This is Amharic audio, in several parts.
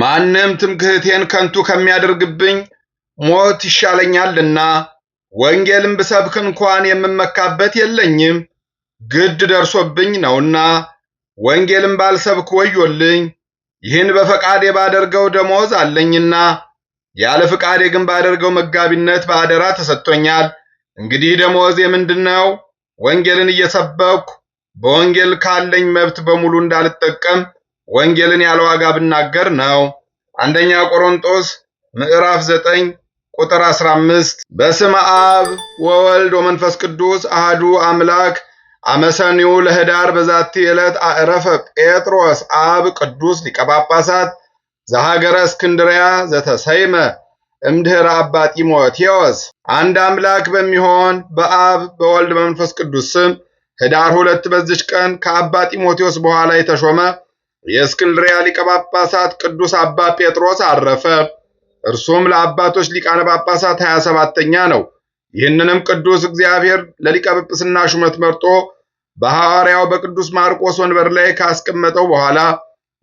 ማንም ትምክህቴን ከንቱ ከሚያደርግብኝ ሞት ይሻለኛልና ወንጌልን ብሰብክ እንኳን የምመካበት የለኝም፣ ግድ ደርሶብኝ ነውና። ወንጌልን ባልሰብክ ወዮልኝ። ይህን በፈቃዴ ባደርገው ደሞዝ አለኝና፣ ያለ ፈቃዴ ግን ባደርገው መጋቢነት በአደራ ተሰጥቶኛል። እንግዲህ ደሞዝ የምንድን ነው? ወንጌልን እየሰበኩ በወንጌል ካለኝ መብት በሙሉ እንዳልጠቀም ወንጌልን ያለ ዋጋ ብናገር ነው። አንደኛ ቆሮንቶስ ምዕራፍ 9 ቁጥር 15 በስመ አብ ወወልድ ወመንፈስ ቅዱስ አህዱ አምላክ አመሰኒው ለህዳር በዛቲ ዕለት አዕረፈ ጴጥሮስ አብ ቅዱስ ሊቀ ጳጳሳት ዘሀገረ እስክንድርያ ዘተሰይመ እምድህረ አባ ጢሞቴዎስ። አንድ አምላክ በሚሆን በአብ በወልድ በመንፈስ ቅዱስ ስም ህዳር ሁለት በዚች ቀን ከአባ ጢሞቴዎስ በኋላ የተሾመ የእስክንድሪያ ሊቀ ጳጳሳት ቅዱስ አባ ጴጥሮስ አረፈ። እርሱም ለአባቶች ሊቃነ ጳጳሳት ሀያ ሰባተኛ ነው። ይህንንም ቅዱስ እግዚአብሔር ለሊቀ ጵጵስና ሹመት መርጦ በሐዋርያው በቅዱስ ማርቆስ ወንበር ላይ ካስቀመጠው በኋላ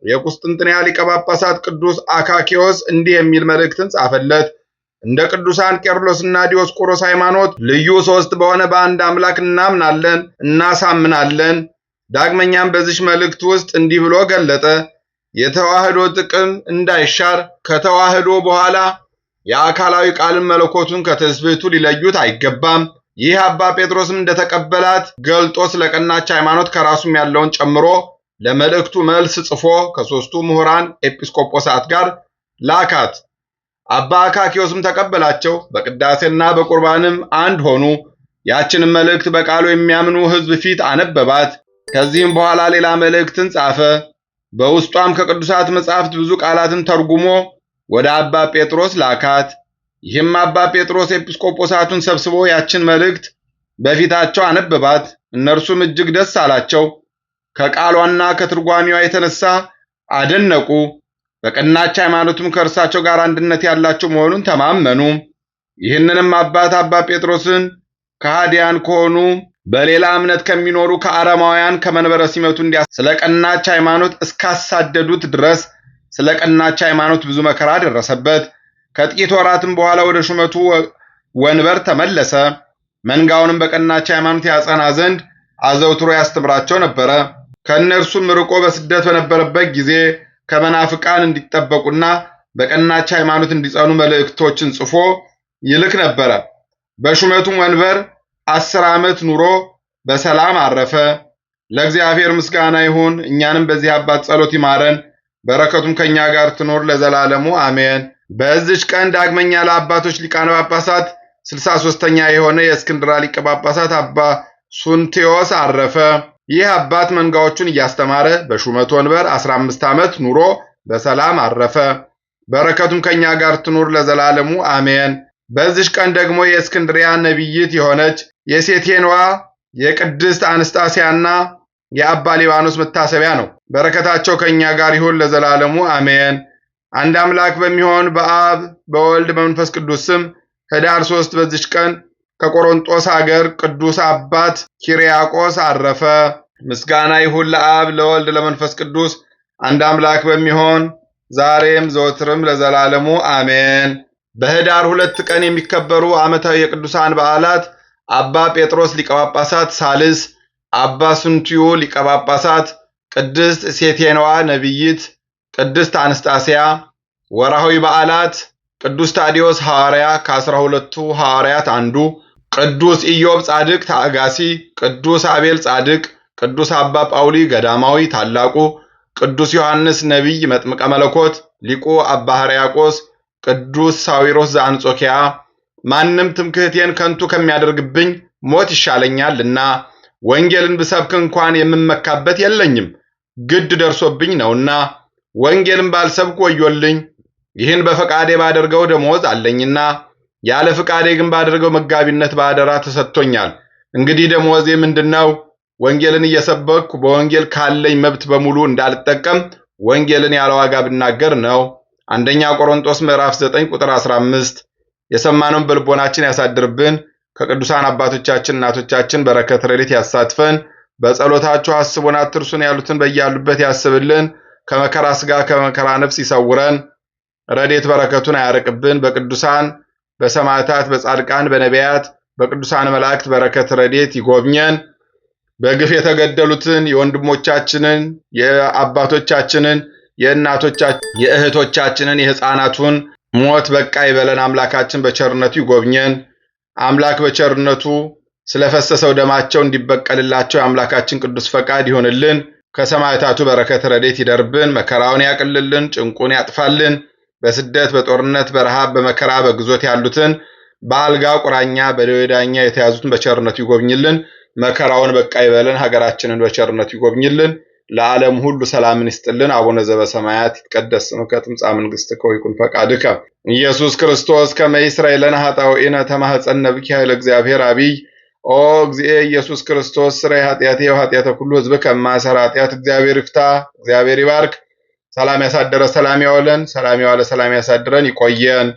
የቁስጥንጥንያ ሊቀ ጳጳሳት ቅዱስ አካኪዎስ እንዲህ የሚል መልእክትን ጻፈለት። እንደ ቅዱሳን ቄርሎስና ዲዮስቆሮስ ሃይማኖት ልዩ ሦስት በሆነ በአንድ አምላክ እናምናለን እናሳምናለን ዳግመኛም በዚች መልእክት ውስጥ እንዲህ ብሎ ገለጠ። የተዋህዶ ጥቅም እንዳይሻር ከተዋህዶ በኋላ የአካላዊ ቃልን መለኮቱን ከትስብእቱ ሊለዩት አይገባም። ይህ አባ ጴጥሮስም እንደተቀበላት ገልጦ ስለ ቀናች ሃይማኖት ከራሱም ያለውን ጨምሮ ለመልእክቱ መልስ ጽፎ ከሦስቱ ምሁራን ኤጲስቆጶሳት ጋር ላካት። አባ አካኪዮስም ተቀበላቸው፣ በቅዳሴና በቁርባንም አንድ ሆኑ። ያችንም መልእክት በቃሉ የሚያምኑ ሕዝብ ፊት አነበባት። ከዚህም በኋላ ሌላ መልእክትን ጻፈ። በውስጧም ከቅዱሳት መጻሕፍት ብዙ ቃላትን ተርጉሞ ወደ አባ ጴጥሮስ ላካት። ይህም አባ ጴጥሮስ ኤጲስቆጶሳቱን ሰብስቦ ያችን መልእክት በፊታቸው አነበባት። እነርሱም እጅግ ደስ አላቸው። ከቃሏና ከትርጓሚዋ የተነሳ አደነቁ። በቀናች ሃይማኖትም ከእርሳቸው ጋር አንድነት ያላቸው መሆኑን ተማመኑ። ይህንንም አባት አባ ጴጥሮስን ከሃዲያን ከሆኑ በሌላ እምነት ከሚኖሩ ከአረማውያን ከመንበረ ሲመቱ እንዲያ ስለ ቀናች ሃይማኖት እስካሳደዱት ድረስ ስለ ቀናች ሃይማኖት ብዙ መከራ ደረሰበት። ከጥቂት ወራትም በኋላ ወደ ሹመቱ ወንበር ተመለሰ። መንጋውንም በቀናች ሃይማኖት ያጸና ዘንድ አዘውትሮ ያስተምራቸው ነበረ። ከእነርሱም ርቆ በስደት በነበረበት ጊዜ ከመናፍቃን እንዲጠበቁና በቀናች ሃይማኖት እንዲጸኑ መልእክቶችን ጽፎ ይልክ ነበረ። በሹመቱም ወንበር አስር ዓመት ኑሮ በሰላም አረፈ። ለእግዚአብሔር ምስጋና ይሁን። እኛንም በዚህ አባት ጸሎት ይማረን፣ በረከቱም ከእኛ ጋር ትኖር ለዘላለሙ አሜን። በዚች ቀን ዳግመኛ ለአባቶች ሊቃነ ጳጳሳት ስልሳ ሦስተኛ የሆነ የእስክንድራ ሊቀ ጳጳሳት አባ ሱንቴዎስ አረፈ። ይህ አባት መንጋዎቹን እያስተማረ በሹመት ወንበር 15 ዓመት ኑሮ በሰላም አረፈ። በረከቱም ከእኛ ጋር ትኑር ለዘላለሙ አሜን። በዚች ቀን ደግሞ የእስክንድሪያ ነቢይት የሆነች የሴቴንዋ የቅድስት አንስታሲያና የአባ ሊባኖስ መታሰቢያ ነው። በረከታቸው ከእኛ ጋር ይሁን ለዘላለሙ አሜን። አንድ አምላክ በሚሆን በአብ በወልድ በመንፈስ ቅዱስ ስም ኅዳር ሦስት በዚች ቀን ከቆሮንጦስ አገር ቅዱስ አባት ኪርያቆስ አረፈ። ምስጋና ይሁን ለአብ ለወልድ ለመንፈስ ቅዱስ አንድ አምላክ በሚሆን ዛሬም ዘወትርም ለዘላለሙ አሜን። በኅዳር ሁለት ቀን የሚከበሩ ዓመታዊ የቅዱሳን በዓላት አባ ጴጥሮስ ሊቀ ጳጳሳት ሳልስ፣ አባ ሱንቲዮ ሊቀ ጳጳሳት፣ ቅድስት ሴቴናዋ ነቢይት፣ ቅድስት አንስጣስያ። ወርሃዊ በዓላት ቅዱስ ታዲዮስ ሐዋርያ ከአስራ ሁለቱ ሐዋርያት አንዱ፣ ቅዱስ ኢዮብ ጻድቅ ታዕጋሲ፣ ቅዱስ አቤል ጻድቅ፣ ቅዱስ አባ ጳውሊ ገዳማዊ ታላቁ፣ ቅዱስ ዮሐንስ ነቢይ መጥምቀ መለኮት፣ ሊቁ አባ ሕርያቆስ፣ ቅዱስ ሳዊሮስ ዘአንጾኪያ ማንም ትምክህቴን ከንቱ ከሚያደርግብኝ ሞት ይሻለኛልና ወንጌልን ብሰብክ እንኳን የምመካበት የለኝም፣ ግድ ደርሶብኝ ነውና። ወንጌልን ባልሰብክ ወዮልኝ፣ ይህን በፈቃዴ ባደርገው ደሞዝ አለኝና፣ ያለ ፈቃዴ ግን ባደርገው መጋቢነት በአደራ ተሰጥቶኛል። እንግዲህ ደሞዜ ምንድነው? ወንጌልን እየሰበክኩ በወንጌል ካለኝ መብት በሙሉ እንዳልጠቀም ወንጌልን ያለ ዋጋ ብናገር ነው። አንደኛ ቆሮንጦስ ምዕራፍ 9 ቁጥር 15 የሰማነውን በልቦናችን ያሳድርብን። ከቅዱሳን አባቶቻችን እናቶቻችን በረከት ረድኤት ያሳትፈን። በጸሎታችሁ አስቡን አትርሱን ያሉትን በያሉበት ያስብልን። ከመከራ ስጋ ከመከራ ነፍስ ይሰውረን። ረድኤት በረከቱን አያርቅብን። በቅዱሳን በሰማዕታት በጻድቃን በነቢያት በቅዱሳን መላእክት በረከት ረድኤት ይጎብኘን። በግፍ የተገደሉትን የወንድሞቻችንን የአባቶቻችንን የእናቶቻችንን የእህቶቻችንን የሕፃናቱን ሞት በቃ ይበለን። አምላካችን በቸርነቱ ይጎብኘን። አምላክ በቸርነቱ ስለፈሰሰው ደማቸው እንዲበቀልላቸው የአምላካችን ቅዱስ ፈቃድ ይሆንልን። ከሰማዕታቱ በረከት ረዴት ይደርብን። መከራውን ያቅልልን፣ ጭንቁን ያጥፋልን። በስደት በጦርነት በረሃብ በመከራ በግዞት ያሉትን በአልጋ ቁራኛ በደዌ ዳኛ የተያዙትን በቸርነቱ ይጎብኝልን። መከራውን በቃ ይበለን። ሀገራችንን በቸርነቱ ይጎብኝልን። ለዓለም ሁሉ ሰላም እንስጥልን። አቡነ ዘበሰማያት ይትቀደስ ስምከ ትምጻእ መንግሥትከ ወይኩን ፈቃድከ ኢየሱስ ክርስቶስ ከመ ይስረይ ለነ ኃጣውኢነ ተማኅፀነ ብኪ ኃይለ እግዚአብሔር አብይ ኦ እግዚእ ኢየሱስ ክርስቶስ ስረይ ኃጢአቴ ወኃጢአተ ኩሉ ሕዝብ ከማሰር ኃጢአት እግዚአብሔር ይፍታ። እግዚአብሔር ይባርክ። ሰላም ያሳደረ ሰላም ያወለን፣ ሰላም ያዋለ ሰላም ያሳድረን። ይቆየን።